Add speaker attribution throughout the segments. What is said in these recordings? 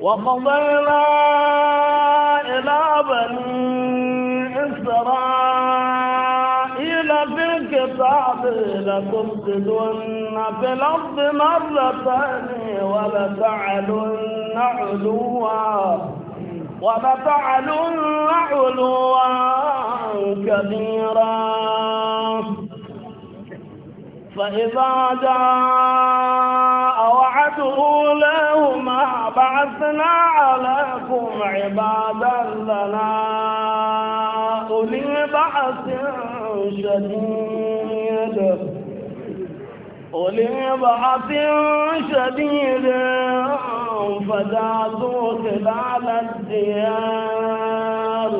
Speaker 1: وقضينا إلى بني إسرائيل في الكتاب لتفسدن في الأرض مرتين ولتعلن علوا ولتعلن علوا كبيرا فإذا جاء وعد أولاهما بعثنا عليكم عبادا لنا أولي بعث شديد أولي بعث شديد فجاسوا خلال الديار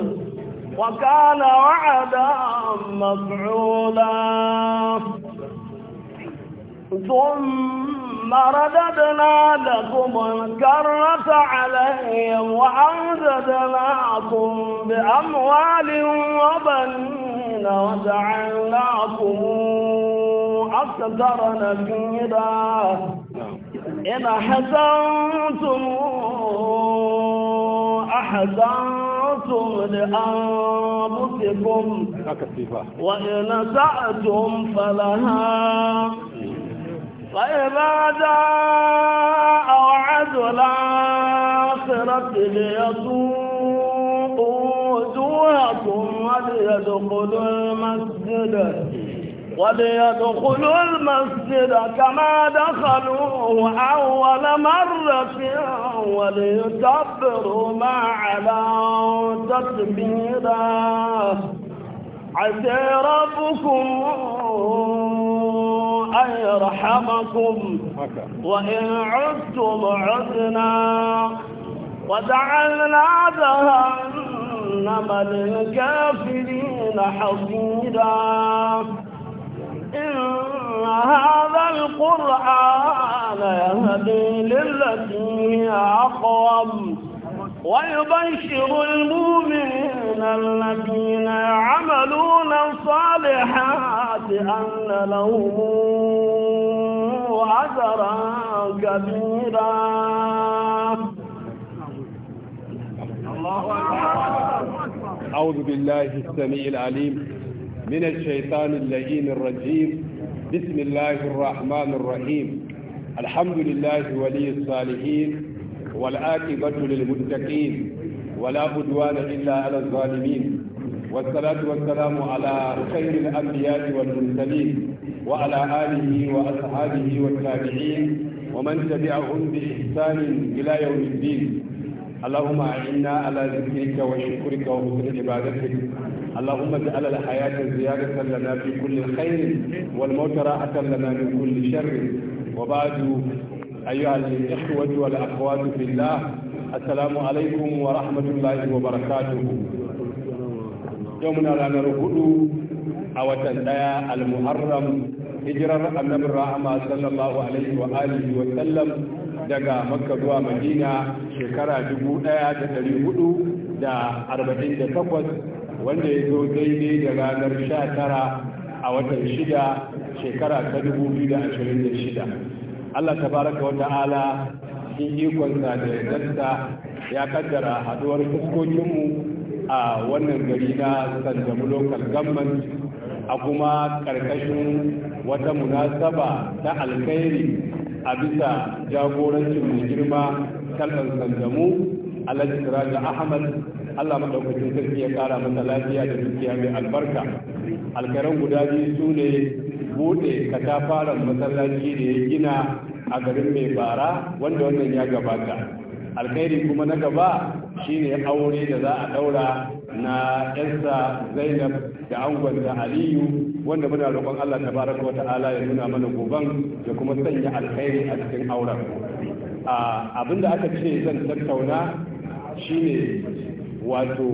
Speaker 1: وكان وعدا مفعولا ثم ما رددنا لكم الكرة عليهم وأمددناكم بأموال وبنين وجعلناكم أكثر نفيرا إن أحسنتم أحسنتم لأنفسكم وإن سأتم فلها فإذا جاء وعد الآخرة ليسوقوا وجوهكم وليدخلوا المسجد وليدخلوا المسجد كما دخلوا أول مرة وليتبروا ما علوا تتبيرا عسى ربكم أن يرحمكم وإن عدتم عدنا وجعلنا جهنم للكافرين حصيدا إن هذا القرآن يهدي للتي هي أقوم ويبشر المؤمنين الذين يعملون الصالحات أن لهم أجرا كبيرا
Speaker 2: أعوذ بالله السميع العليم من الشيطان اللئيم الرجيم بسم الله الرحمن الرحيم الحمد لله ولي الصالحين والعاقبة للمتقين ولا عدوان إلا على الظالمين والصلاة والسلام على خير الأنبياء والمرسلين وعلى آله وأصحابه والتابعين ومن تبعهم بإحسان إلى يوم الدين اللهم أعنا على ذكرك وشكرك وحسن عبادتك اللهم اجعل الحياة زيادة لنا في كل خير والموت راحة لنا من كل شر وبعد أيها الإخوة والأخوات في الله السلام عليكم ورحمة الله وبركاته يومنا لنا ركض أو تنتهي المحرم hijirar annabin rahama sallallahu alaihi wa alihi wa sallam daga makka zuwa madina shekara 1448 wanda ya zo daidai da ranar 19 a watan 6 shekara ta shida. Allah ta baraka wa ta'ala shi ikonsa da yadda ya kaddara haduwar fuskokinmu a wannan gari na Sanjamu Local Government a kuma karkashin wata munasaba ta alkhairi a bisa jagorancin mai girma kalban Jamu Alhaji Siraji Ahmad Allah madaukakin sarki ya kara masa lafiya da dukiya mai albarka alkaran guda biyu su ne bude katafaren masallaci da ya gina a garin mai bara wanda wannan ya gabata alkhairi kuma na gaba shine aure da za a daura na 'yansa zainab da da aliyu wanda muna roƙon allah tabaraka wa ta'ala ya nuna mana goban da kuma sanya alkhairi a cikin auren abin da aka ce zan tattauna shine wato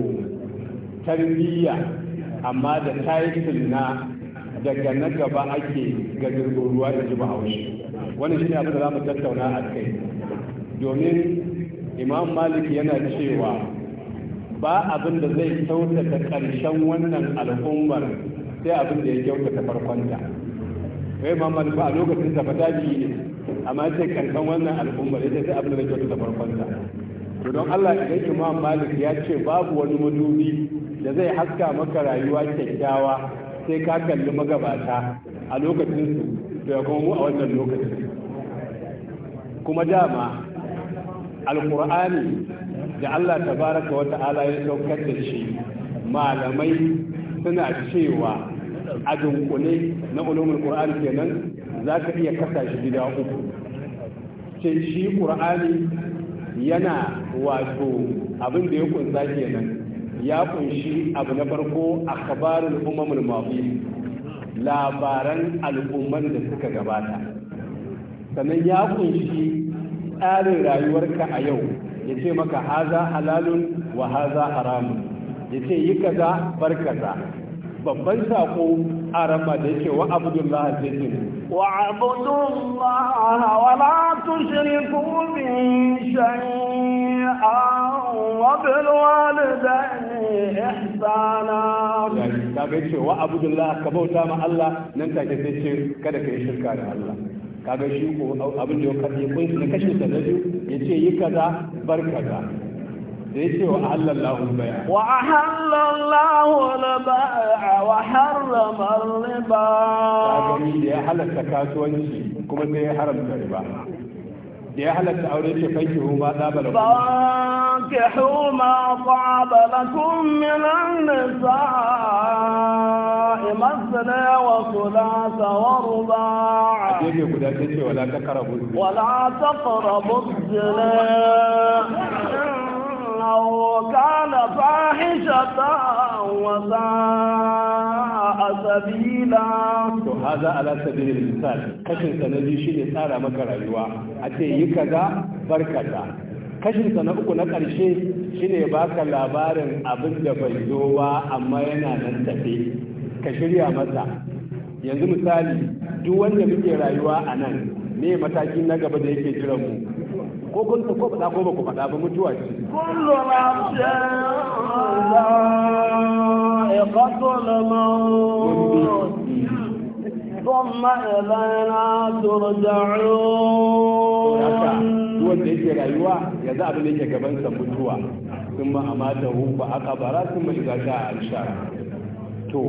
Speaker 2: tarbiyya amma da title na daga na gaba ake ga jirgin ruwa da ji bahaushe wani shi ne abin da za mu tattauna a kai domin imam malik yana cewa ba abin da zai kyautata ƙarshen wannan al'ummar sai abin da ya kyautata farkonta wai imam malik ba a lokacin da fata ne amma sai ƙarshen wannan al'ummar ya sai abin da zai kyautata farkonta to don Allah idan imam malik ya ce babu wani madubi da zai haska maka rayuwa kyakkyawa sai ka kalli magabata a lokacin su ya kuma a wannan lokacin kuma dama alkur'ani da Allah tabaraka wa ta'ala ya saukar da shi malamai suna cewa a dunkule na ulumul ƙur'ani kenan za ka iya kasa shi gida uku sai shi qur'ani yana wato abin da ya kunsa kenan ya kunshi abu na farko akhbarul umamul mafi labaran al'umman da suka gabata sannan ya kunshi tsarin rayuwarka a yau ya ce maka haza halalun wa haza haramun ya ce yi kaza bar kaza babban sako a rama da yake wa abdullahi
Speaker 1: sai wa abdullahi wa la tushriku bi shay'in وبالوالدين إحسانا
Speaker 2: ka ga cewa abdullah ka bauta ma Allah nan take sai ce kada ka yi shirka da Allah ka ga shi ko abin da ya yi kun da kashin sa da ya ce yi kaza bar kaza Ya ce wa halallahu baya wa
Speaker 1: halallahu al-bai'a wa harrama riba ka ga ni
Speaker 2: da ya halatta kasuwanci kuma sai ya haramta riba يا أهل halatta aure ce fanki huma ɗaba
Speaker 1: فانكحوا ما طعب لكم من النساء مثنى وثلاث ورباع
Speaker 2: ولا تقربوا
Speaker 1: ولا تقربوا الزنا إنه كان فاحشة وساء sabila to
Speaker 2: haza ala sabilil misal kashin sa na biyu shine tsara maka rayuwa a ce yi kaza barkata kashin sa na uku na ƙarshe shine baka labarin abin da bai zo ba amma yana nan tafe ka shirya masa yanzu misali duk wanda muke rayuwa a nan ne mataki na gaba da yake jiran mu ko kun ko faɗa ko ba ku faɗa ba mutuwa ce
Speaker 1: kullu ذائقة ثم إلينا ترجعون
Speaker 2: wanda yake rayuwa ya za abin da yake mutuwa sun ma amata hu ba aka bara sun to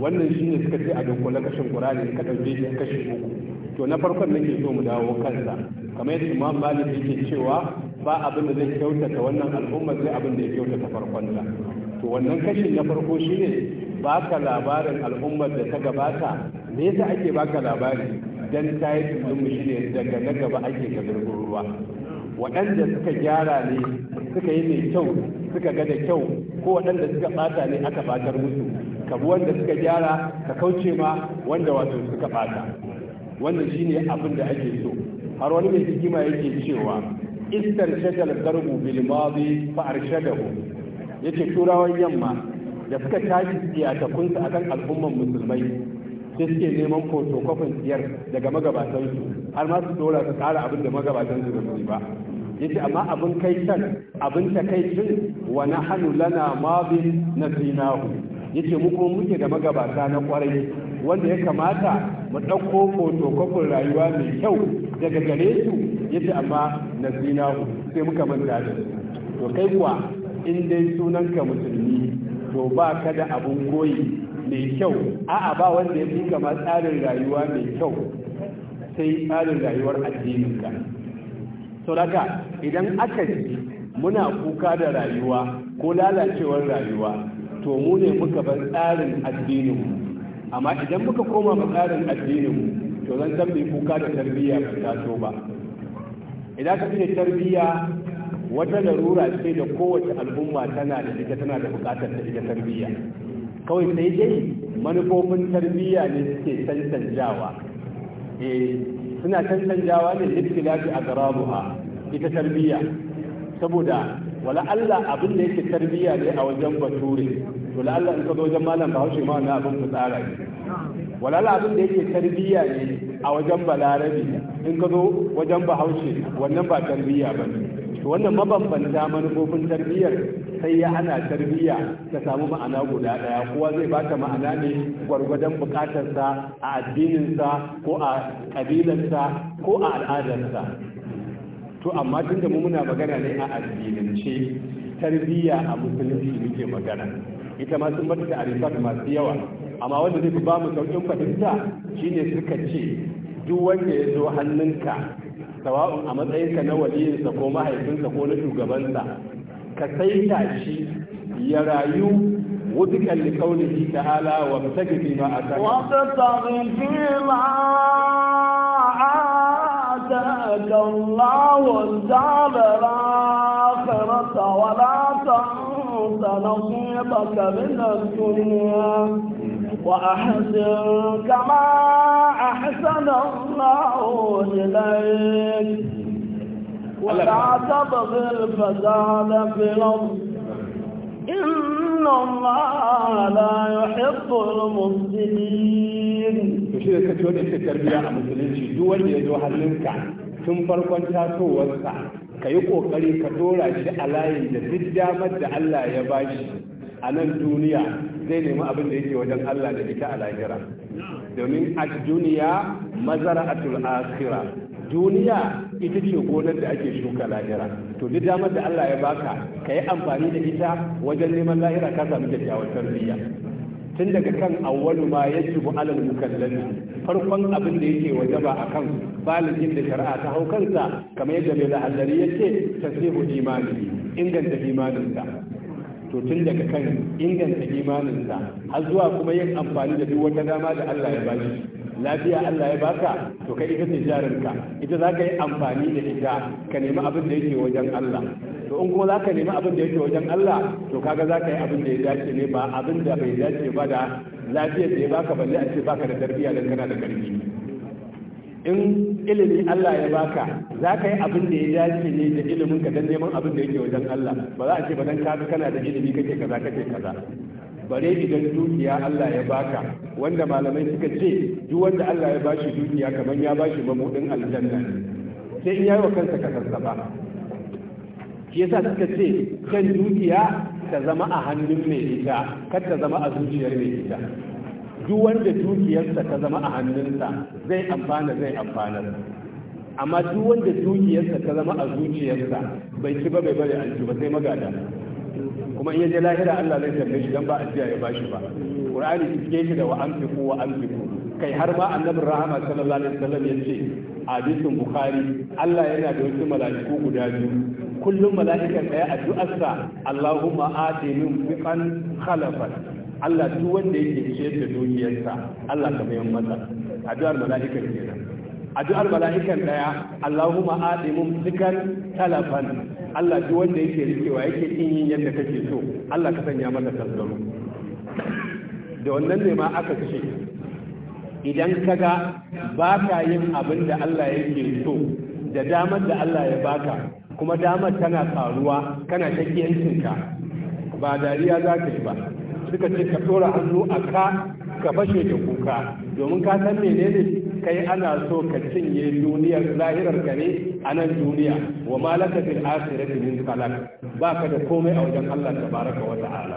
Speaker 2: wannan suka ce a dokon kashin qur'ani ka dauke shi kashi uku to na farkon nake so mu dawo kansa kamar yadda imam malik yake cewa ba abin da zai kyautata wannan al'umma sai abin da ya kyautata ta. to wannan kashin na farko shine baka labarin al'ummar da ta gabata me yasa ake baka labari dan tayi mu ne daga na gaba ake gazurgun ruwa waɗanda suka gyara ne suka yi mai kyau suka ga da kyau ko waɗanda suka ɓata ne aka ɓatar musu bi wanda suka gyara ka kauce ma wanda wato suka ɓata wannan shine abin da ake so har wani mai hikima yake cewa istar shagal garbu bil madi fa arshadahu yake turawan yamma da suka tashi kunsa akan al'umman musulmai sai suke neman fotokofin siyar daga magabatan su har ma su dora su tsara abin da magabatan su su ba yace amma abin kai can abin ta kai cin wa nahnu lana madin nasinahu yace mu ko muke da magabata na kwarai wanda ya kamata mu ɗauko fotokofin rayuwa mai kyau daga gare su yace amma nasinahu sai muka manta da to kai kuwa in dai sunanka musulmi to ba ka da abun koyi mai kyau a'a ba wanda ya fi kama tsarin rayuwa mai kyau sai tsarin rayuwar addininka sauraka idan aka ji muna kuka da rayuwa ko lalacewar rayuwa to mu ne muka bar tsarin mu amma idan muka koma mu tsarin mu to zan san mai kuka da tarbiyya ba ta so ba idan ka ce tarbiyya wata larura ce da kowace al'umma tana da ita tana da bukatar ta ita tarbiyya kawai sai dai manufofin tarbiyya ne suke tantanjawa eh suna tantanjawa ne littilafi a garabuha ita tarbiyya saboda wala Allah abin da yake tarbiyya ne a wajen bature to la Allah in ka zo wajen malam Bahaushe ma na abin tsara ne wala Allah abin da yake tarbiyya ne a wajen Balarabi in ka zo wajen Bahaushe wannan ba tarbiyya ba ne to wannan mabambanta manufofin tarbiyyar sai ya hana tarbiyya ta samu ma'ana guda daya kowa zai ba ta ma'ana ne gwargwadon bukatarsa a addininsa ko a kabilarsa ko a al'adarsa to amma tunda mu muna magana ne a addinance tarbiyya a musulunci muke magana ita ma sun bata ta'arifat masu yawa amma wanda zai fi ba mu sauƙin fahimta shine suka ce duk wanda ya zo hannunka sawa'un a matsayinka na waliyinsa ko mahaifinsa ko na shugabansa ka saita shi ya rayu وذكا لقوله تعالى وابتغ فيما آتاك
Speaker 1: وابتغ فيما آتاك الله الدار الآخرة ولا تنس نصيبك من الدنيا وأحسن كما أحسن الله إليك ولا تبغ الفساد في الأرض إن الله لا يحب المفسدين يشير
Speaker 3: كتير
Speaker 2: في التربية المسلمين في دول يدوها للمكة ثم فرقاً تاسو وسع كريم قليل كتورة شعلاين جديد جامد على يباشي a nan duniya zai nemi abin da yake wajen Allah da ita a lahira domin a duniya mazara a akhira duniya ita ce gonar da ake shuka lahira to duk damar da Allah ya baka ka yi amfani da ita wajen neman lahira ka samu kyakkyawar tarbiyya tun daga kan awwalu ma bu alal mukallafi farkon abin da yake ba akan baligin da shari'a ta hau kansa kamar yadda mai lahallari yake tasihu imani inganta imaninsa to tun daga kan inganta imaninsa har zuwa kuma yin amfani da duk wata dama da Allah ya bashi lafiya Allah ya baka to kai ita ce jarinka ita za ka yi amfani da ita ka nemi abin da yake wajen Allah to in kuma za ka nemi abin da yake wajen Allah to kaga za ka yi abin da ya dace ne ba abin da bai dace ba da lafiyar da ya baka balle a ce baka da tarbiyya dan kana da karfi in ilimi Allah ya baka za ka yi abin da ya dace ne da ilimin ka dan neman abin da yake wajen Allah ba za a ce ba dan ka kana da ilimi kake kaza kake kaza bare idan dukiya Allah ya baka wanda malamai suka ce duk wanda Allah ya bashi dukiya kamar ya bashi mamudin aljanna sai in yayi wa kansa kasarsa ba shi yasa suka ce kan dukiya ta zama a hannun mai ita kar ta zama a zuciyar mai ita duk wanda dukiyarsa ta zama a hannunsa zai amfana zai amfana amma duk wanda dukiyarsa ta zama a zuciyarsa bai ci ba bai bari an ci ba sai magada kuma in je lahira Allah zai tambaye shi dan ba jiya ya bashi ba Qur'ani cike shi da wa amfiku wa amfiku kai har ma annabi rahama sallallahu alaihi wasallam yace hadisin bukhari Allah yana da wasu mala'iku guda biyu kullum mala'ikan daya addu'arsa Allahumma atini fiqan khalafan Allah duk wanda yake ciyar da dukiyarsa Allah ka bayan masa addu'ar mala'ikan kenan addu'ar mala'ikan daya Allahumma adimun sikan talafan Allah duk wanda yake rikewa yake kin yin yadda kake so Allah ka sanya masa tsaro da wannan ne ma aka ce idan kaga baka yin abin da Allah yake so da damar da Allah ya baka kuma damar tana karuwa kana shakiyancinka ba dariya za ka yi ba suka ce ka tsora hannu a ka ka fashe da kuka domin ka san menene kai ana so ka cinye duniyar lahirar ka ne a nan duniya wa malaka bil akhirati min Ba baka da komai a wajen Allah tabaraka wa ta'ala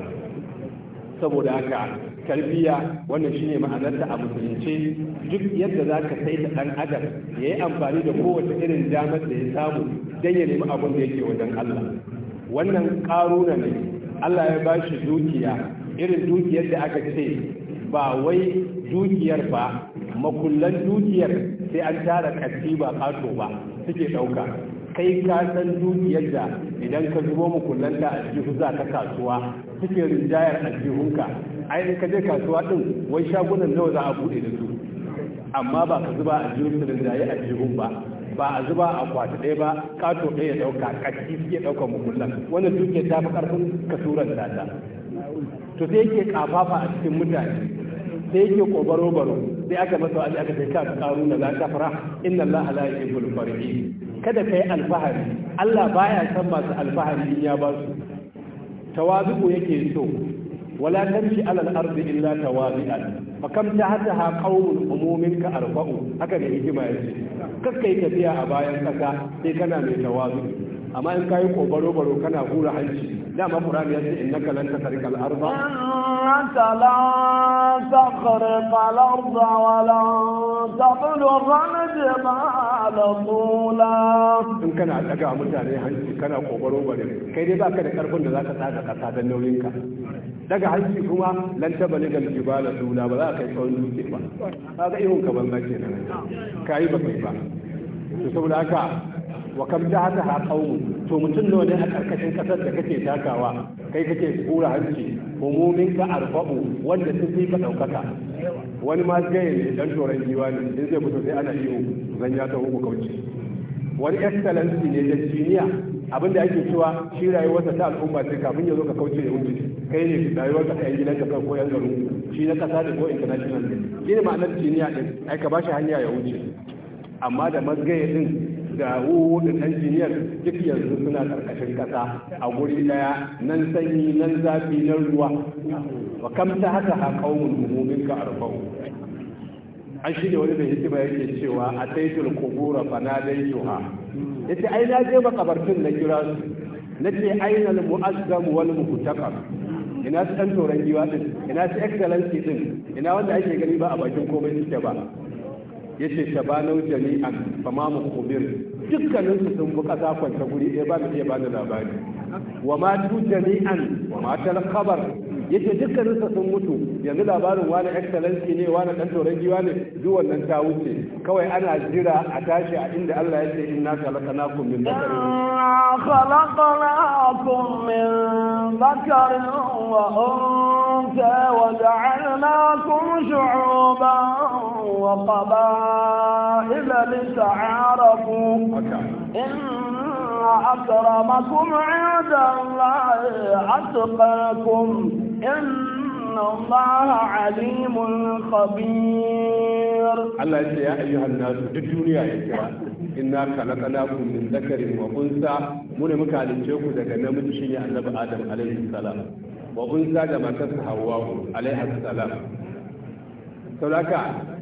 Speaker 2: saboda haka tarbiyya wannan shine ma'anar abu a ce, duk yadda za ka sai da ɗan adam ya yi amfani da kowace irin damar da ya samu dan ya nemi abin da yake wajen Allah wannan ƙaruna ne Allah ya bashi shi dukiya irin dukiyar da aka ce ba wai dukiyar ba makullan dukiyar sai an tara ƙarfi ba ƙato ba suke ɗauka kai ka san dukiyar da idan ka zubo makullan ta a jihu za ta kasuwa suke rinjayar a jihunka ai ka je kasuwa ɗin wai shagunan nawa za a buɗe da su amma ba ka zuba a jihun rinjaye a jihun ba ba a zuba a kwata ɗaya ba kato ɗaya ɗauka ƙarfi suke ɗauka mukullan wannan dukiyar ta fi ƙarfin kasuran ta to sai yake kafafa a cikin mutane sai yake kobaro baro sai aka masa wa'azi aka sai ka karu na za ta fara inna Allah la yuhibbul farihi kada kai alfahari Allah baya san masu alfahari in ya ba su tawazu yake so wala tamshi alal ardi illa tawazi'an fa kam tahataha qawmun umumika arba'u haka ne hikima yace kakkai tafiya a bayan kaka sai kana mai tawazu'i amma in kayi kobaro baro kana hura hanci dama qur'ani ya ce innaka lan tasriqa al-ardha
Speaker 1: innaka lan tasriqa al-ardha wa lan tablugha al-jibala tula
Speaker 2: in kana daga mutane hanci kana kobaro bare kai dai baka da karfin da zaka tsaka kasa da nauyin ka daga hanci kuma lan tablugha al-jibala tula ba za ka kai tsawon dutse ba kaga ihun ka banza kenan kai ba kai ba to saboda haka wa kam ta haka ha to mutum nawa ne a karkashin kasar da kake takawa kai kake tsura hanci min ka arba'u wanda sun fi ka daukaka wani ma gaye ne dan shoran jiwa ne in zai fito sai ana iyo zan ya taho ku kauce wani excellency ne da jiniya abinda da ake cewa shi rayuwarsa ta al'umma ce kafin ya zo ka kauce da wuce kai ne rayuwarka ta yan gidanka kan ko yan garin shi na kasa da ko international ne shi ne ma'anar jiniya din ai ka shi hanya ya wuce amma da mazgaye din da da injiniyar duk yanzu suna karkashin kasa a guri daya nan sanyi nan zafi nan ruwa wa kam ta haka ha qaumun mu'min ka arba'u an shi da wani mai hikima yake cewa a taitul kubura bana dai yuha yace ai na je makabartin na kira su nace aina al mu'azzam wal muhtaqar ina su dan toran giwa din ina su excellency din ina wanda ake gani ba a bakin komai suke ba ya ce shabanau jami'an ba ma mukhbir dukkanin su sun bu kasa kwanta guri ɗaya ba mu iya bani labari wa ma tu jami'an wa ma tal yake dukkanin sa sun mutu yanzu labarin wani excellency ne wani dan turanci wani duk wannan ta wuce kawai ana jira a tashi a inda Allah ya ce inna khalaqnakum min dhakarin
Speaker 1: khalaqnakum min dhakarin wa unsa wa ja'alnakum shu'uban wa qaba'ila lita'arafu إن أكرمكم عند الله وأتقاكم إن الله عليم خبير الله
Speaker 2: يا أيها الناس الدنيا يا inna khalaqnakum min dhakarin wa unsa muka halice ku daga namiji shine annabi adam alaihi salam wa unsa da matarsa hawwa alaihi salam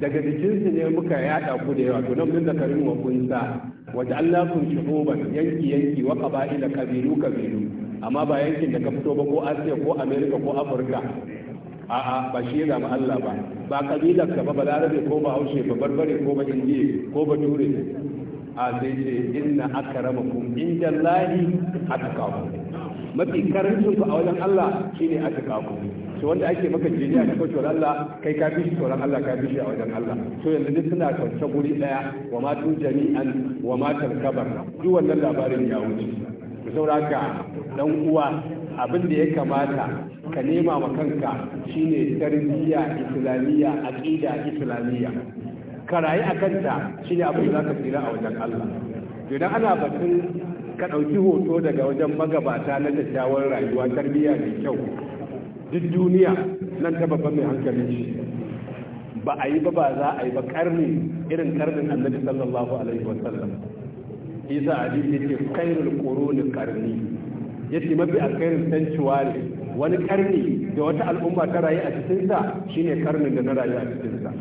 Speaker 2: daga jikin su ne muka yada ku da yawa to min dhakarin wa unsa wa ja'alnakum yanki yanki wa qaba'ila qabilu qabilu amma ba yankin da ka fito ba ko asiya ko amerika ko afirka a'a ba shi ga mu Allah ba ba kabilar ka ba balarabe ko ba haushe ba barbare ko ba indiye ko ba ture a sai ce inna akramakum inda lahi atqakum mafi karancin ku a wajen Allah shine atqakum to wanda ake maka jiniya da kwato Allah kai ka fi tsoron Allah ka fi shi a wajen Allah to yanzu duk suna kwance guri daya wa ma tu jami'an wa ma tarkabar duk wannan labarin ya wuce ku sauraka dan uwa abin da ya kamata ka nema ma kanka shine tarbiyya islamiyya aqida islamiyya ka rayu a kanta shine abin da zaka tsira a wajen Allah idan ana batun ka ɗauki hoto daga wajen magabata na kyakkyawar rayuwa tarbiyya mai kyau duk duniya nan ta babban mai hankali shi ba a yi ba ba za a yi ba karni irin karnin annabi sallallahu alaihi wasallam isa ali ya ce kairul quruni karni yace mafi alkhairin tantuwa ne wani karni da wata al'umma ta rayu a cikin sa shine karnin da na rayu a cikin sa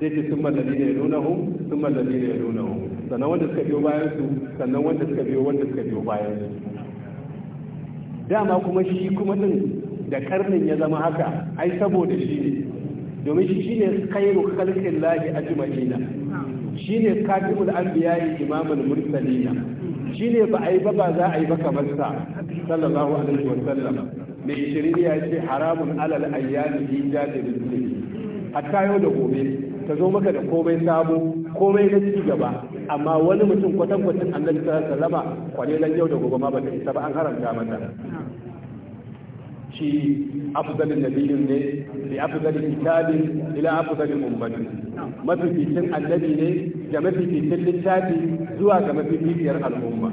Speaker 2: sai ce sun mallali ne yalunahum sun mallali ne yalunahum sannan wanda suka biyo bayan su sannan wanda suka biyo wanda suka biyo bayan su dama kuma shi kuma din da karnin ya zama haka ai saboda shi ne domin shi shine khairu khalqillahi ajma'ina Shi shine katimul anbiya'i imamul mursalina ne ba yi ba ba za a yi ba kamar sa sallallahu alaihi wa sallam mai shirin ya ce haramun alal ayyami da muslimi hatta yau da gobe ta zo maka da komai sabo komai na ci gaba amma wani mutum kwatankwacin annabi sallallahu alaihi wa yau da gobe ma ba ta isa ba an haramta mata shi afdalin nabiyin ne bi mafificin annabi ne da mafificin littafi zuwa ga mafificiyar al'umma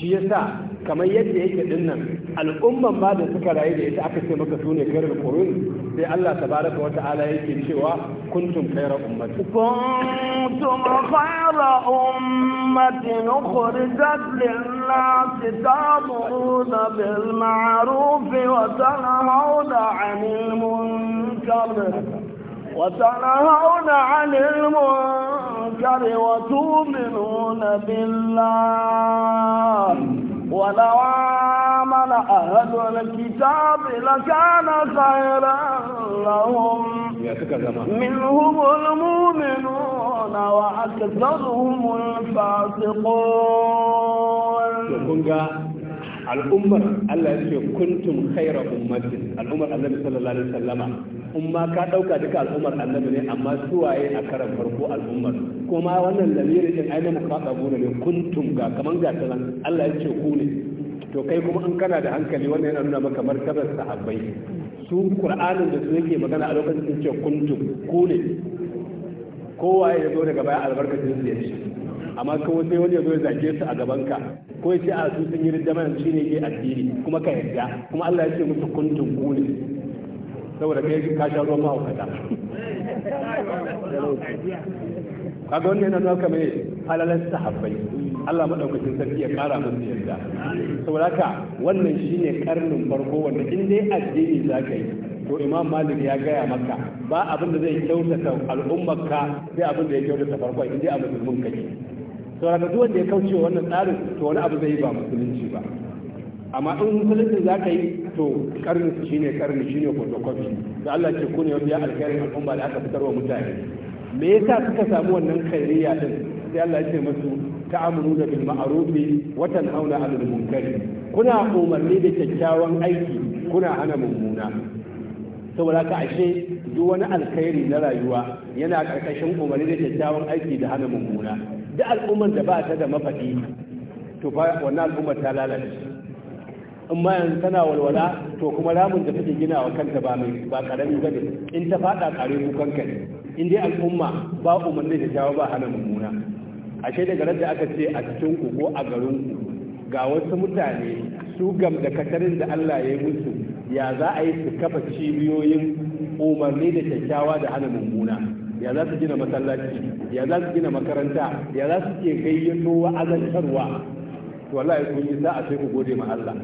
Speaker 2: shi yasa kamar yadda yake dinnan al'umman ma da suka rayu da ita aka ce maka sune garin qurun sai Allah tabaraka wa ta'ala yake cewa kuntum khayra ummati
Speaker 1: kuntum khayra ummati ukhrijat lin-nas ta'muruna bil ma'ruf wa tanhauna 'anil munkar wa tanhauna 'anil munkar wa tu'minuna وتؤمنون wa ولو أهل الكتاب لكان خيرا لهم منهم المؤمنون وأكثرهم الفاسقون
Speaker 2: al'ummar Allah ya ce kuntum khaira ummatin al'ummar annabi sallallahu alaihi wasallama umma ka dauka duka al'ummar annabi ne amma suwaye a karan farko al'ummar kuma wannan lamirin din ainihin ka ne kuntum ga kaman ga Allah ya ce ku ne to kai kuma in kana da hankali wannan yana nuna maka martabar sahabbai su qur'anin da su yake magana a lokacin sun ce kuntum ku ne kowa ya zo daga baya albarkacin su ya ci amma kawai sai wani ya zo ya zage su a gaban ka ko ya ce a su sun yi rijama yanzu shine yake addini kuma ka yarda kuma Allah ya ce musu kuntum ku ne saboda kai ka sha ruwan mahaukata kaga wannan yana nuna kamar halalan sahabbai Allah maɗaukacin sarki ya ƙara musu yarda saboda haka wannan shine karnin farko wanda in dai addini ka yi to imam malik ya gaya maka ba abin da zai kyautata al'ummarka sai abin da ya kyautata farko in dai a musulmin kake saboda duk wanda ya kauce wannan tsarin to wani abu zai yi ba musulunci ba amma in musulunci za ka yi to karni su shine karni shine photocopy da Allah ce kuni ne wani ya alkhairin al'umma da aka fitarwa mutane me yasa suka samu wannan khairiyya din sai Allah ya ce musu ta'amuruna bil ma'ruf wa tanhauna 'anil munkar kuna umarni da kyakkyawan aiki kuna hana mummuna saboda ka ashe duk wani alkhairi na rayuwa yana karkashin umarni da kyakkyawan aiki da hana mummuna duk al'ummar da ba ta da mafaɗi to ba wannan al'ummar ta lalace in ma yanzu tana walwala to kuma ramin da take gina wa kanta ba mai ba karami bane in ta faɗa kare ku kanka in dai al'umma ba umarni da kyakkyawa ba hana mummuna ashe daga da aka ce a cikin ku ko a garin ku ga wasu mutane su gam da katarin da Allah ya yi musu ya za a yi su kafa cibiyoyin umarni da kyakkyawa da hana mummuna ya za su gina masallaci ya za su gina makaranta ya za su ke gayyato wa'azantarwa to Allah ya kunyi za a sai ku gode ma Allah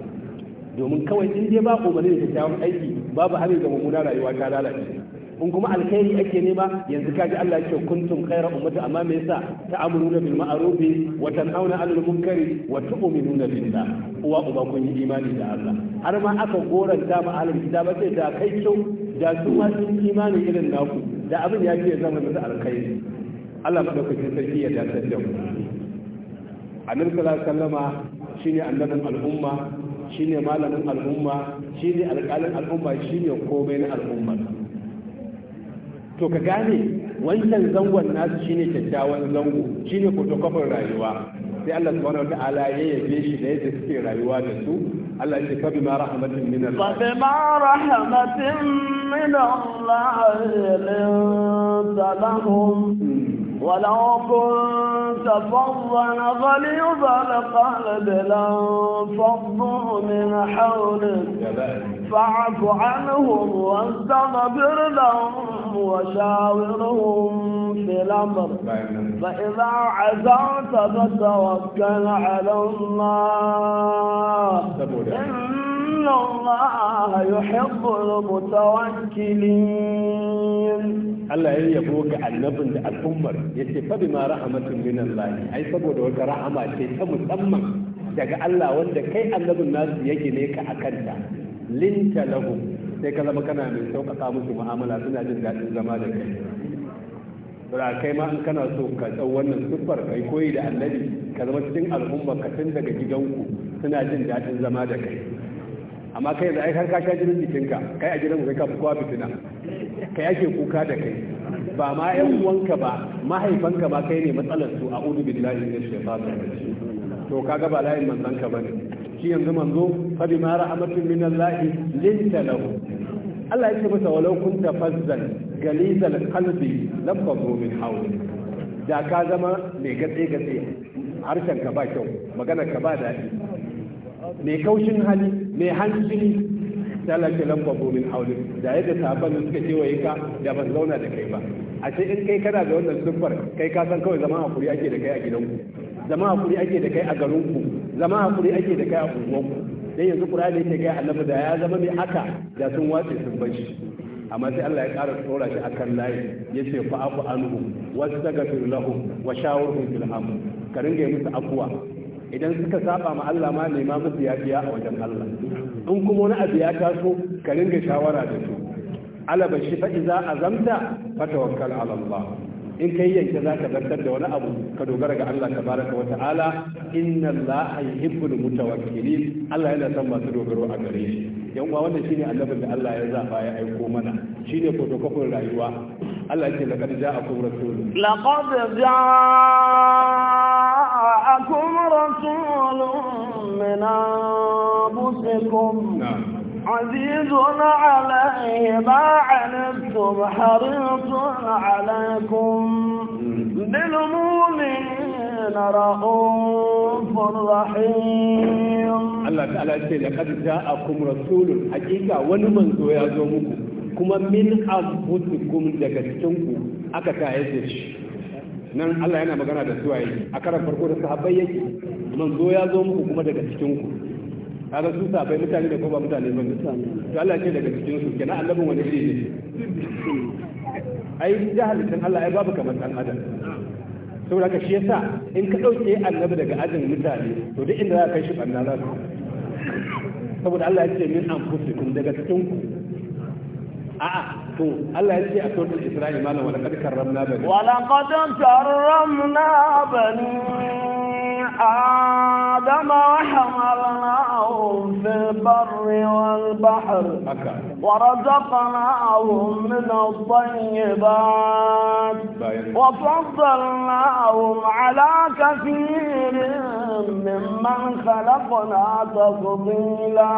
Speaker 2: domin kawai in dai ba umarni da kyakkyawan aiki babu hali ga mummuna rayuwa ta lalace in kuma alkhairi ake nema yanzu kaji Allah yake kuntum khaira ummati amma me yasa ta'amuruna bil ma'ruf wa tanhauna 'anil munkari wa tu'minuna billah uwa uba kun yi imani da Allah har ma aka goranta ma ahlul kitaba sai da kai kyau da su ma sun imani irin naku da abin ya ke zama musu alkhairi Allah madaukakin sarki ya dace da mu annabi sallallahu alaihi wasallama shine annabin al'umma shine malamin al'umma shine alƙalin al'umma shine komai na al'umma to ka gane wancan zangon nasu shine kyakkyawan zango shine fotokofin rayuwa sai Allah subhanahu wataala ya yabe shi da yadda suke rayuwa da su Allah ya ce fa bima rahmatin min Allah
Speaker 1: fa rahmatin min Allah ولو كنت فظا غليظ القلب لانفضوا من حولك فاعف عنهم واستغفر لهم وشاورهم في الامر فاذا عزوت فتوكل على الله إن الله يحب المتوكلين
Speaker 2: الله يبوك عن نبن الأمر يتفى ما رحمة من الله أي سبب وك رحمة تتم تمم daga Allah wanda kai annabin nasu yake ne ka kanta, linta lahu sai ka zama kana mai sauƙaƙa musu mu'amala suna jin daɗin zama da kai ba kai ma in kana so ka tsau wannan siffar kai koyi da annabi ka zama cikin al'umma ka tun daga gidanku suna jin daɗin zama da kai amma kai da ai har ka sha jinin jikinka kai a gidan kai ka kuwa fitina kai ake kuka da kai ba ma yan uwanka ba mahaifanka ba kai ne matsalar su a udu billahi min shaytanir rajim to kaga ba layin manzon ka bane shi yanzu manzo fa bi ma rahmatin min Allah linta lahu Allah yake masa walau kunta fazzan galizal qalbi lafadhu min hawli da ka zama mai gatse gatse harshen ka ba kyau magana ka ba daɗi mai kaushin hali mai hancin talaka lamba min hauli da yadda sahabban suka ce kewaye ka da ban zauna da kai ba a ce in kai kana da wannan siffar kai ka san kawai zama hakuri ake da kai a gidanku zama hakuri ake da kai a garinku zama hakuri ake da kai a unguwanku dan yanzu qur'ani ke kai annabi da ya zama mai haka da sun wace sun bar shi amma sai Allah ya ƙara tsora shi akan layi ya ce fa afu anhu wasu lahum wa shawurhum fil amr ka ringa yi musu afuwa idan suka saba ma Allah ma nema musu yafiya a wajen Allah in kuma wani abu ya taso ka ringa shawara da su alaba shi fa iza azamta fa tawakkal ala Allah in kai yanke zaka zartar da wani abu ka dogara ga Allah tabaraka wa ta'ala inna Allah yuhibbul mutawakkilin Allah yana son masu dogaro a gare shi yan uwa wannan shine annabin da Allah ya zaba ya aiko mana shine fotokofin rayuwa Allah yake laqad ja'akum rasulun
Speaker 1: laqad ja'a عزيز عليه ما عنتم حريص عليكم بالمؤمنين رؤوف رحيم
Speaker 2: الله تعالى يقول لقد جاءكم رسول حقيقة ولمن زويا زومكم kuma min anfusikum daga cikinku aka kayace shi nan Allah yana magana da suwaye a karan farko da sahabbai yake daga cikinku kaga su sabai mutane da kuma mutane ba to Allah ce daga cikin su kenan annabin wani iri ne ai jahilcin Allah ai babu kamar dan adam saboda ka shi yasa in ka dauke annabi daga ajin mutane to duk inda za ka kai shi banna za su saboda Allah ya ce min an kun daga cikin ku a'a to Allah ya ce a suratul Isra'i malam wa laqad karramna bani wa
Speaker 1: laqad karramna bani آدم وحملناهم في البر والبحر ورزقناهم من الطيبات وفضلناهم على كثير ممن خلقنا تفضيلا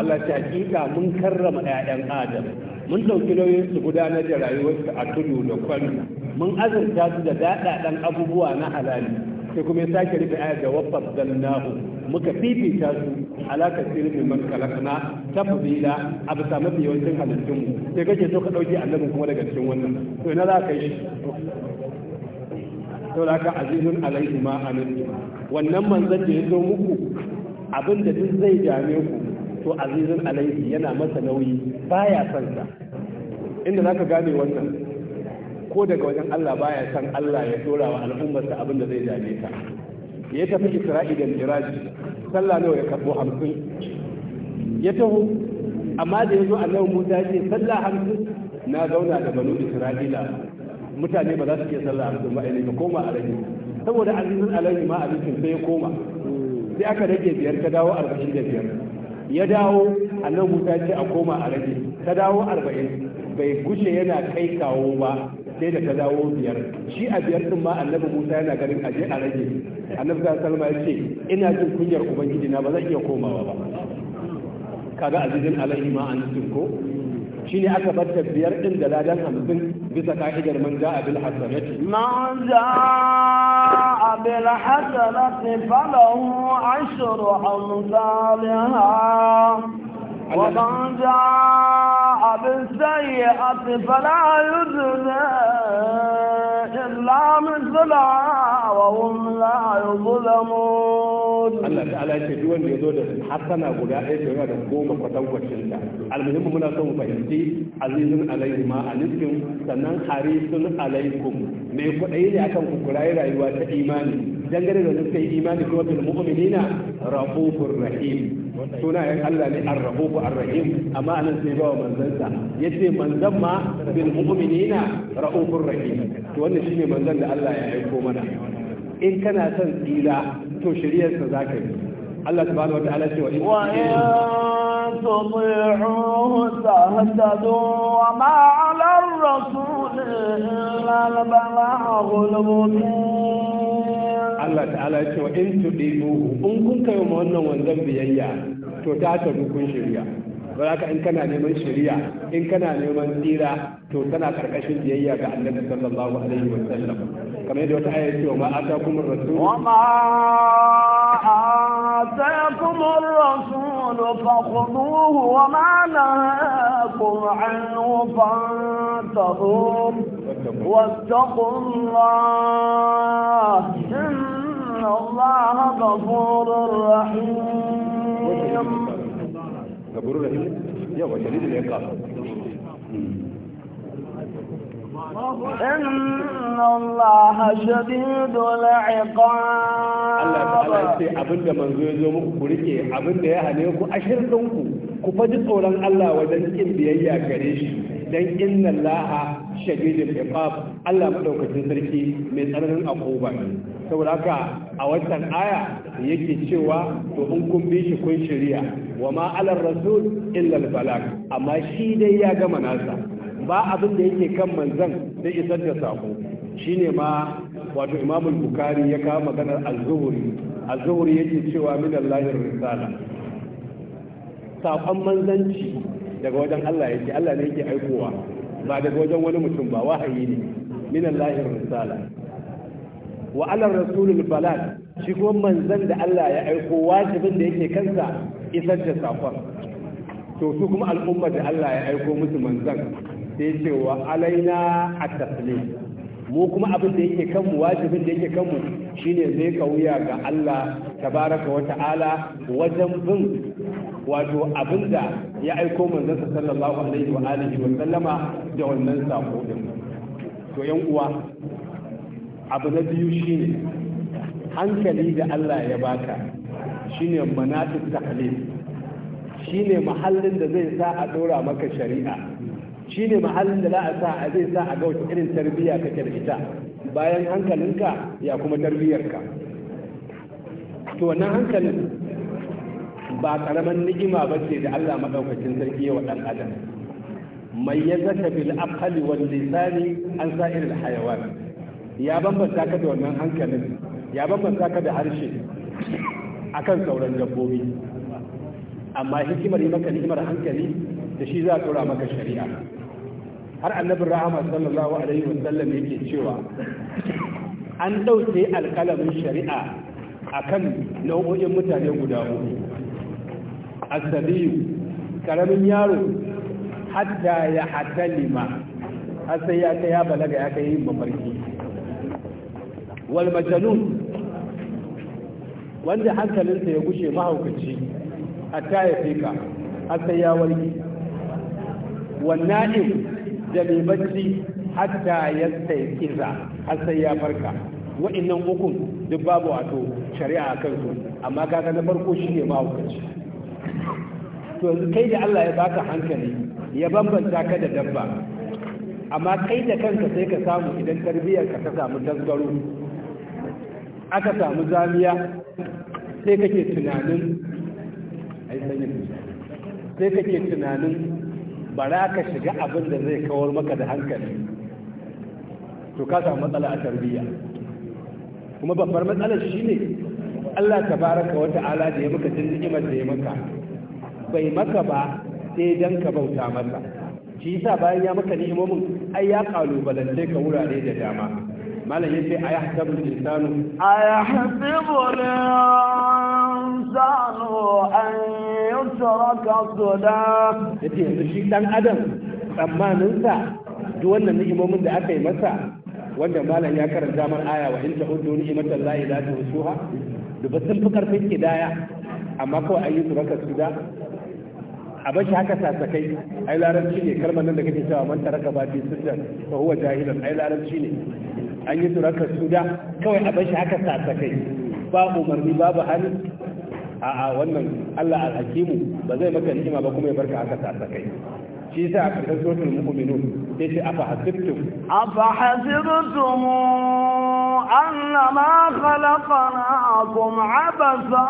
Speaker 1: الله
Speaker 2: تحقيقا من كرم آدم آدم mun ɗauki nauyin su gudanar da rayuwarsu a tudu da kwano mun azurta su da daɗaɗen abubuwa na halali sai kuma ya sake rufe aya da Wabbar dalnahu muka fifita su alakar sirrin man kalakna ta fadila a bisa mafi yawancin halittun mu sai kake so ka dauke annabin kuma daga cikin wannan to ina za ka yi to laka ka azizun alaihi ma amin wannan manzon da ya zo muku abin da duk zai dame ku to azizun alaihi yana masa nauyi baya son sa inda zaka gane wannan ko daga wajen Allah baya san Allah ya dora wa al'ummarsa abin da zai dame ta ya tafi Isra'i da Miraj sallah nawa ya karbo 50 ya taho amma da yazo Allah Musa ya ce sallah 50 na zauna da banu Isra'ila mutane ba za su iya sallah 50 ba ai ka koma a rage saboda azizin alaihi ma abincin sai ya koma sai aka rage biyar ta dawo 45 ya dawo Allah Musa ya ce a koma a rage ta dawo 40 bai gushe yana kai kawo ba sai da ta dawo biyar shi a biyar din ma annabi musa yana ganin aje a rage annabi sallallahu alaihi ya ce ina jin kunyar ubangiji na ba zan iya komawa ba kaga azizin alaihi ma an ko shine aka batta biyar din da ladan hamsin bisa ka'idar man ja'a bil hasanati
Speaker 1: man ja'a bil hasanati falahu ashru amsalha ومن جاء بالسيئة فلا يجزى إلا من مثلها وهم لا يظلمون Allah ta'ala
Speaker 2: Allah ce duwanda ya zo da hasana guda ɗaya to yana da goma kwatan kwacin ta almuhimmi muna son mu fahimci azizun alaihi ma alaikum sannan harisun alaikum mai kuɗai ne akan ku kurayi rayuwa ta imani dangane da suka yi imani kuma bil mu'minina rahufur rahim suna sunayen Allah ne ar-rahufu ar-rahim amma anan sai ba manzansa yace manzan ma bil mu'minina rahufur rahim to wannan shine manzan da Allah ya aiko mana in kana son tsira to shiriyarsa الله ka yi Allah subhanahu wataala ce wa in
Speaker 1: وما على الرسول إلا البلاغ المبين الله
Speaker 2: تعالى يقول إن تطيعوا إن كنت يوم أنه وانزل بيئيا تتعتبوا كن شريعا ba za ka in kana neman shari'a in kana neman tsira to tana karkashin biyayya ga annabi sallallahu alaihi wa sallam kamar yadda wata aya ce wa ma atakum ar-rasul wa
Speaker 1: ma atakum ar-rasul fakhuduhu wa ma nahakum anhu fantahum wattaqu Allah inna Allah ghafurur rahim
Speaker 3: gabar rahim yawa shadidul iqab إن
Speaker 1: Allah ta'ala ya ce abin da manzo
Speaker 3: ya
Speaker 2: zo muku ku rike abinda ya hane ku a shirkin ku ku faji tsoron Allah wajen kin biyayya gare shi dan inna Allah shadidul Allah madaukakin sarki mai tsananin akuba ne haka a watan aya yake cewa to in kun bi shi kun shirya. wa ma alar rasul illa al-balag amma shi dai ya gama nasa ba abin da yake kan manzan da isar da sako shine ma wato imamu bukari ya kawo maganar az-zuhri az-zuhri yake cewa min allahi risala sakon manzanci daga wajen Allah yake Allah ne yake aikowa ba daga wajen wani mutum ba wahayi ne min allahi risala wa alar al balad shi kuma manzan da Allah ya aiko wajibin da yake kansa isar da saƙon to su kuma al'umma da Allah ya aiko musu manzan sai cewa alaina a taslim mu kuma abin da yake kanmu wajibin da yake kanmu shine zai kauya ga Allah tabaraka wa ta'ala wajen bin wato abin da ya aiko manzon sallallahu alaihi wa alihi wa sallama da wannan sako din to yan uwa abu na biyu shine hankali da Allah ya baka shine manatin taklif shine mahallin da zai sa a dora maka shari'a shine mahallin da za a sa a zai sa a ga wata irin tarbiyya kake da ita bayan hankalinka ya kuma tarbiyyarka to wannan hankalin ba karaman ni'ima ba ce da Allah madaukakin sarki wa dan adam mai ya zaka bil aqli wal lisani an sa'ir al hayawan ya bambanta ka da wannan hankalin ya bambanta ka da harshe akan sauran dabbobi amma hikimar yi maka hikimar hankali da shi za a tura maka shari'a har annabin rahama sallallahu alaihi wa sallam yake cewa an ɗauke alƙalamin shari'a akan nau'o'in mutane guda hudu asabiyu karamin yaro hatta ya hatalima har sai ya kai ya balaga ya kai yin mafarki wal majanun wanda hankalinsa ya gushe mahaukaci a taya fika a sai ya warki wannan da bacci hatta ya sai kiza sai ya farka wa'annan hukun duk babu wato shari'a a kansu amma kaga na farko shi ne mahaukaci to yanzu kai da Allah ya baka hankali ya bambanta ka da dabba amma kai da kanka sai ka samu idan tarbiyyar ka ta samu dangaro aka samu zamiya
Speaker 3: sai kake tunanin
Speaker 2: ai sanyin sai kake tunanin bara ka shiga abin da zai kawar maka da hankali to ka samu matsala a tarbiyya kuma babbar matsalar ne. Allah ta baraka wa ta'ala da ya maka jin ni'imar da ya maka bai maka ba sai dan ka bauta masa shi yasa bayan ya maka ni'imomin ai ya kalubalance ka wurare da dama malam yace ayahsabu al-insanu
Speaker 1: ayahsabu al-insanu an yutraka suda yace yanzu shi ɗan adam
Speaker 2: tsammanin sa duk wannan ni'imomin da aka yi masa wanda malam ya karanta mar aya wa in ta'uddu ni'matan la ilaha illa duba sun fi karfin kidaya amma kawai an yi turaka suda a bashi haka sasakai ai larabci ne kalmar nan da kake cewa man taraka ba fi sirran fa huwa jahilan ai larabci ne an yi turaka suda kawai a bashi haka sasakai ba umarni babu hali a wannan Allah al ba zai maka ni'ima ba kuma ya barka haka sasakai shi yasa a cikin suratul mu'minun sai ce afa hasibtum
Speaker 1: afa hasibtum annama khalaqnakum abasa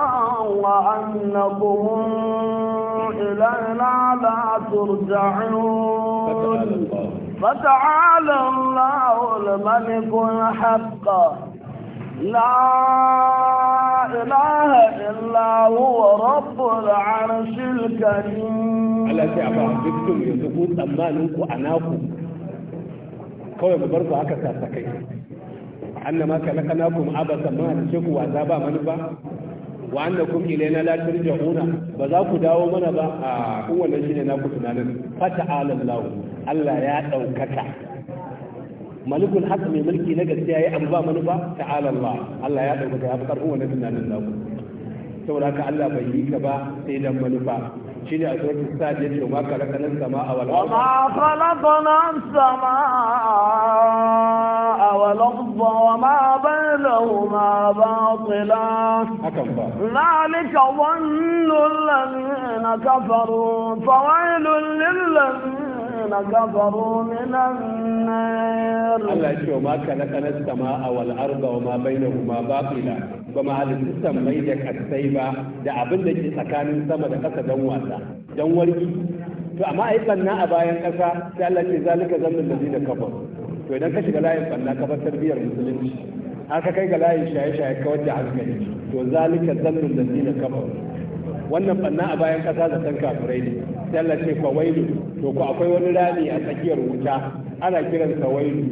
Speaker 1: wa annakum ilayna la turja'un فتعالى الله الملك الحق لا اله الا هو رب العرش الكريم
Speaker 2: الا تعفى عن جبتم تمانوك اناكو كوي مبرزو هكا ساسكي وحن ما كان لكناكم عبا تمان شكو وعذابا منبا وانكم الينا لا ترجعون بذاكو داو منبا آه، هو نجين ناكو تنالن فتعالى الله Allah ya ɗaukaka malikul haq mai mulki na gaskiya ya abu ba manufa ta'ala Allah Allah ya ɗaukaka ya fi ƙarfin wannan tunanin naku saboda haka Allah bai yi ka ba sai dan manufa shine a suratul sad ya ce ma khalaqna as-samaa wal arda ma
Speaker 1: khalaqna as-samaa wal arda wa ma bainahuma batila hakan ba zalika dhannu alladhina kafaru fawailun lil الذين كفروا من النار الله
Speaker 2: يشوف ما كلكنا السماء والأرض وما بينهما باطلا وما هذا السيستم السيبة da abin da ke tsakanin sama da ƙasa don wasa don warki to a yi banna a bayan ƙasa sai Allah ce zalika zannin da to idan ka shiga layin musulunci kai ga layin shaye-shaye ka wajen hankali to zalika zannin da zina kafa wannan banna a bayan kasa da san kafirai ne sai Allah ce fa wailu to ku akwai wani rami a tsakiyar wuta ana kiransa wailu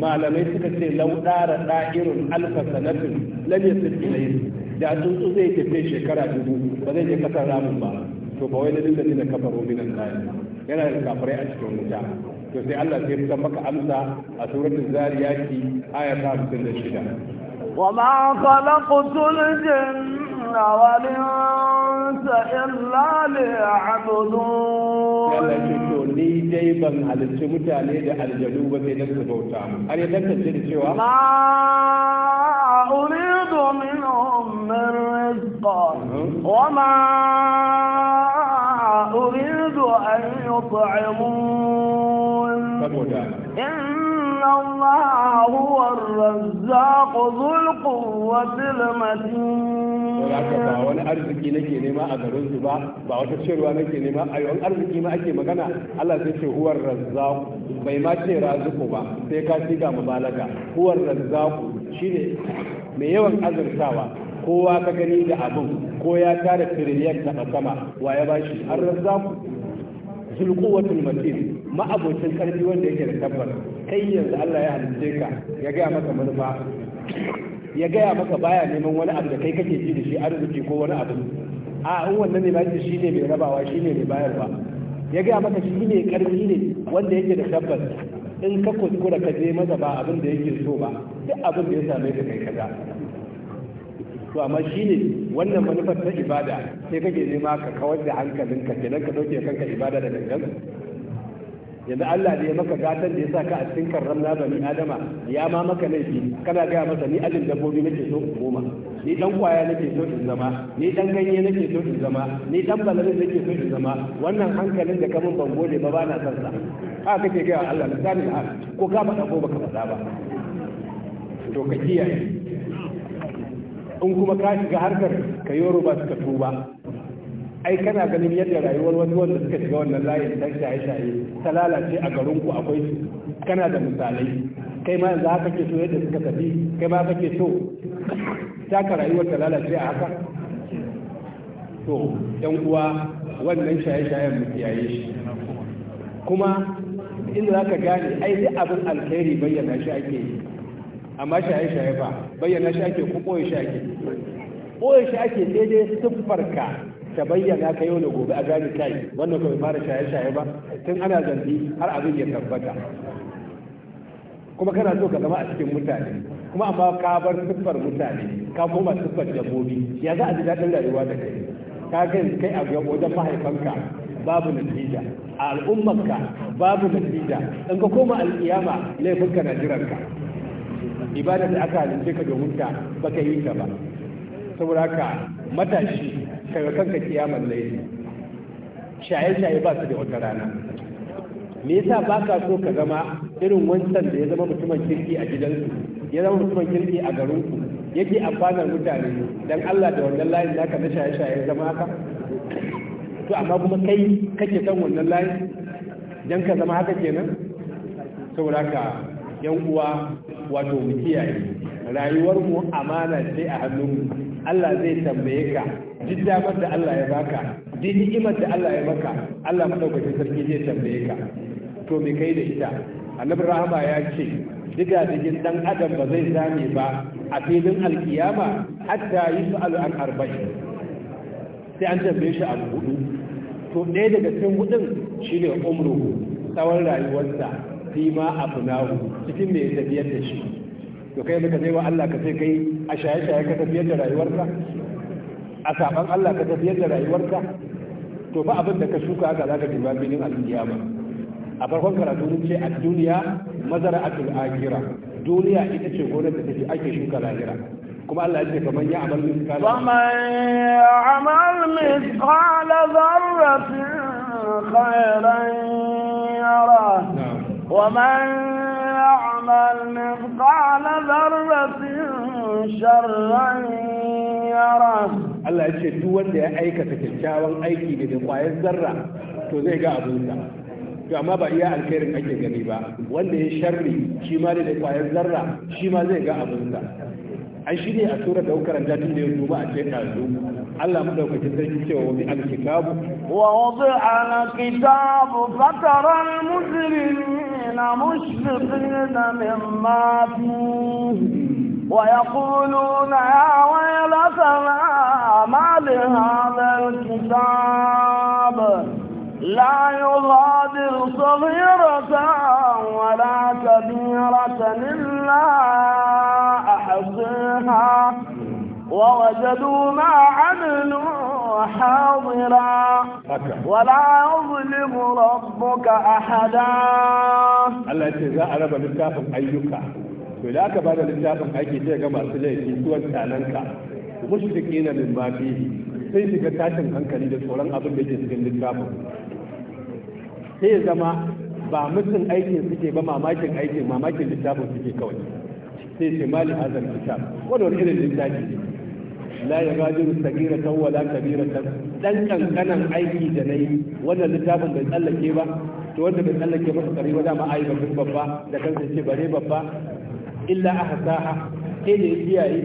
Speaker 2: malamai suka ce lauɗara ɗa'irun alfa sanatin lam yasir ilayhi da tsuntsu zai tafi shekara dubu ba zai je kasar ramin ba to ba wai lalin da ne da kafaro minan layi yana da kafirai a cikin wuta to sai Allah sai ya maka amsa a suratul zariyati aya ta 56
Speaker 1: وما خلقت الجن والإنس الإنس إلا ليعبدون Allah ce to ni
Speaker 2: dai ban halarci mutane da aljanu ba sai dan su bauta mu har ya tantance da cewa
Speaker 1: ma uridu minhum min rizqa wa ma uridu an yut'imun saboda الله هو الرزاق ذو القوة المتين
Speaker 2: ba wani arziki nake nema a garin su ba ba wata cewa nake nema a yawan arziki ma ake magana Allah sai ce huwar razzaq bai ma ce razuku ba sai ka shiga mubalaga huwar razzaq shine mai yawan azurtawa kowa ka gani da abin ko ya tara tiriliyan ta sama wa ya bashi an razzaku zulquwatul matin ma'abocin karfi wanda yake da tabbas kai yanzu Allah ya halice ka ya gaya maka manufa ya gaya maka baya neman wani abu da kai kake ji da shi arziki ko wani abu a in wannan ne baki shi ne mai rabawa shi ne mai bayarwa ya gaya maka shi ne karfi ne wanda yake da tabbas in ka kuskura ka je masa ba abin da yake so ba duk abin da ya same ka kai kaza to amma shine wannan manufar ta ibada sai kake nema ka kawar da hankalinka kenan ka dauke kanka ibada da gangan yanzu Allah da ya maka gatan da ya sa ka a cikin karram na bani adama ya ma maka laifi kana gaya masa ni ajin dabbobi nake so in koma ni dan kwaya nake so in zama ni dan ganye nake so in zama ni dan balalin nake so in zama wannan hankalin da kamun ban gode ba ba na san sa haka kake gaya Allah misali da haka ko ka ba dabo baka faɗa ba to ka kiyaye in kuma ka shiga harkar ka ba suka tuba ai kana ganin yadda rayuwar wasu wanda suka shiga wannan layin ta shaye-shaye ta lalace a garin ku akwai su kana da misalai kai ma yanzu haka ke so yadda suka tafi kai ma haka ke so taka rayuwar ta lalace a haka to yan uwa wannan shaye-shayen mu kiyaye shi kuma inda zaka gane ai duk abin alkhairi bayyana shi ake yi amma shaye-shaye ba bayyana shi ake ko koyi shi ake ɓoye shi ake daidai siffarka ta bayyana ka yau da gobe a gane kai wannan bai fara shaye-shaye ba tun ana zambi har abin ya tabbata kuma kana so ka zama a cikin mutane kuma amma ka bar siffar mutane ka koma siffar dabbobi ya za a ji daɗin rayuwa da kai ka kai kai a wajen mahaifanka babu nasija a al'ummarka babu nasija in ka koma al'iyama laifinka na jiranka ibada da aka halince ka domin ka baka yi ta ba saboda haka matashi kaga kanka kiyamar laili shaye-shaye ba su da wata rana me yasa ba ka so ka zama irin wancan da ya zama mutumin kirki a gidansu ya zama mutumin kirki a garinku yake amfanar mutane dan Allah da wannan layin naka na shaye-shaye zama haka to amma kuma kai kake son wannan layin dan ka zama haka kenan saboda ka yan uwa wato mu kiyaye rayuwar mu amana ce a hannunmu Allah zai tambaye ka duk damar da Allah ya baka duk ni'imar da Allah ya baka Allah madaukakin sarki zai tambaye ka to me kai da ita annabi rahama ya ce diga digin dan adam ba zai zame ba a filin alkiyama hatta yus'alu an arba'in sai an tambaye shi abu hudu to ɗaya daga cikin hudun shine umru tsawon rayuwarsa fi ma abu cikin me tafiyar da shi to kai da ka wa Allah ka ce kai a shaye-shaye ka tafiyar da rayuwarka a saban Allah ka tafiyar da rayuwarka to ba abin da ka shuka haka za ka duba filin alkiyama a farkon karatu mun ce a duniya mazara a akhira duniya ita ce gonar da take ake shuka lahira kuma Allah ya ce kaman ya amal misqala kaman
Speaker 1: ya amal misqala dharratin khairan yara wa man يعمل مثقال ذرة شرا يره
Speaker 2: Allah ya ce duk wanda ya aikata kyakkyawan aiki da kwayar zarra to zai ga abinsa to amma ba iya alkhairin ake gari ba wanda ya sharri shi ma da kwayar zarra shi ma zai ga abinsa ai shi ne a tura da da tun da ya duba a ce kazo Allah mu madaukakin sarki cewa wani alkitabu
Speaker 1: wa wadi alkitabu fatara almujrimina mushfiqina mimma fihi ويقولون يا ويلتنا ما لهذا الكتاب لا يغادر صغيرا وجدوا ما عملوا حاضرا ولا يظلم ربك أحدا
Speaker 2: الله يتزا عرب لكافم أيك فلا كبار لكافم أيكي تيغا ما سليكي سوى تعلنك مشركين من ما sai shiga tashin hankali da tsoron abin da ke cikin littafin sai zama ba mutum aikin suke ba mamakin aikin mamakin littafin suke kawai sai ce mali hazar littafin wani wani irin littafi ne la ya gajiru sagira kan wala kabira kan dan kankanan aiki da nayi wannan littafin bai tsallake ba to wanda bai tsallake ba kare ba dama ai babban babba da kansa ce bare babba illa ahsaha sai da iyaye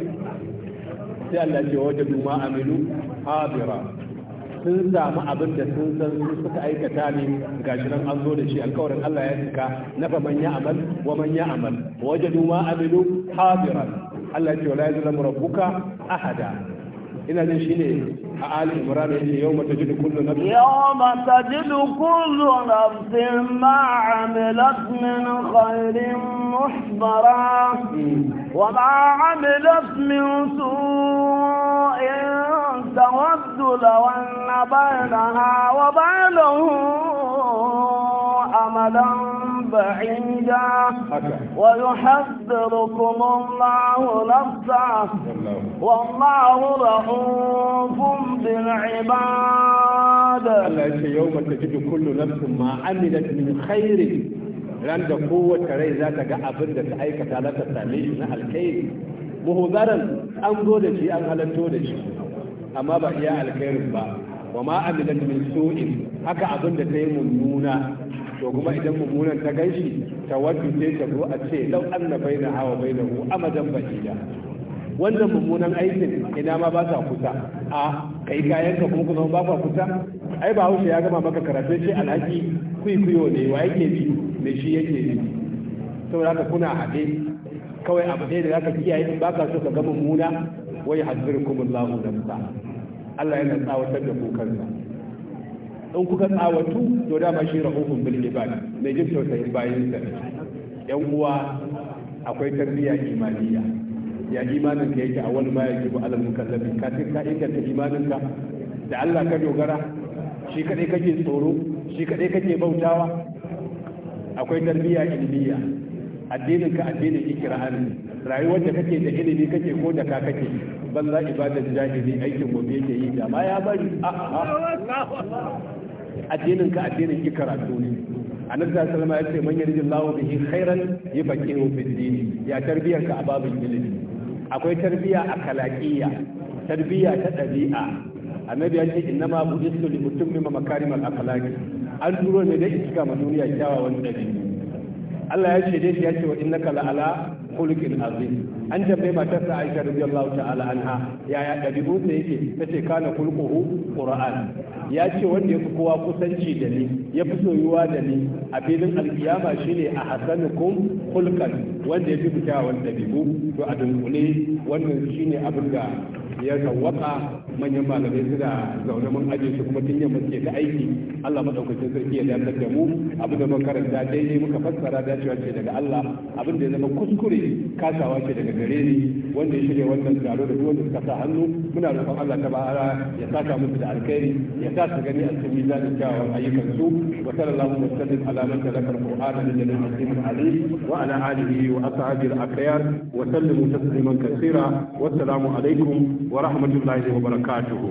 Speaker 2: sai Allah ce wa wajadu ma amilu habira sun samu abin da sun san su suka aikata ne ga shi nan an zo da shi alkawarin Allah ya cika na fa man ya amal wa man ya amal wajadu ma amilu habira Allah ya ce wala yuzlamu rabbuka ahada ina jin shi ne a Ali Imran ya ce yawma tajidu kullu nafsin
Speaker 1: yawma tajidu kullu nafsin ma amilat min khairin muhdara wa ma amilat min su'in تود لو أن بينها وبينه أملا بعيدا ويحذركم الله نفسا والله رؤوف بالعباد
Speaker 2: الله يسى يوم تجد كل نفس ما عملت من خير عند قوة كري ذاتك قابل لتأيك ثلاثة تعليم نها الكيد مهذرا أنظرك يا أهلتونك أما بقيا الكيرفا وما عملت من سوء هكا أظن تيم النونة to kuma idan mummunan ta ganshi ta wadda ce ta zo a ce lau an na bai na hawa bai na hu amadan da. wannan mummunan aikin ina ma ba sa kusa a kai kayan ka kuma kuma ba sa kusa ai ba haushe ya gama maka karatun shi alhaki kuyo ne wa yake bi me shi yake bi saboda haka kuna haɗe kawai abu ɗaya da zaka kiyaye in ka so ka ga mummuna wai da nafsa Allah yana tsawatar da kukansa. kansa in kuka tsawatu to dama shi rahuhun bil ibad mai jin tausayin bayan sa yan uwa akwai tarbiyya imaniya ya imanin ka yake a wani ma yake bu alamun kallabi ka tin ka inganta imanin ka da Allah ka dogara shi kadai kake tsoro shi kadai kake bautawa akwai tarbiyya ilmiya addinin ka addinin ikra'an rayuwar da kake da ilimi kake ko da ka kake banza ibadan jahili aikin gobe yake yi da ma ya bari
Speaker 1: a'a
Speaker 2: addinin ka addinin ki karatu ne annabi sallallahu alaihi wasallam ya ce man yarjillahu bihi khairan yafaqihu fid din ya tarbiyar ka a babin ilimi akwai tarbiya a kalakiya tarbiya ta ɗabi'a annabi ya ce inna ma budistu li mutum ma makarimal akhlaqi an turo ne da iska ma duniya kyawawan ɗabi'u Allah ya ce dai ya ce wa innaka la ala khuluqin azim an tambaye matarsa Aisha radiyallahu ta'ala anha yaya dabi'unsa yake tace kana kulquhu Qur'an ya ce wanda yafi kowa kusanci da ni ya fi soyuwa da ni a filin alkiyama shine a hasanukum khulqan wanda yafi kyawawan dabi'u to a dunkule wannan shine abin da ya tawaka manyan malamai suna zaune mun aje su kuma tun yamma suke ta aiki Allah madaukakin sarki ya dantar da mu abin da mun karanta daidai muka fassara dacewa ce daga Allah abin da ya zama kuskure kasawa ce daga gare ni wanda ya shirya wannan taro da duk wanda suka sa hannu muna roƙon Allah ta bara ya saka musu da alkhairi ya sa su gani a cikin mizanin kyawawan ayyukan su wa sallallahu wa sallam ala man talaka alqur'ana min al-azim al wa ala alihi wa ashabihi al-akhyar wa sallimu
Speaker 3: wa assalamu alaikum wa rahmatullahi wa barakatuhu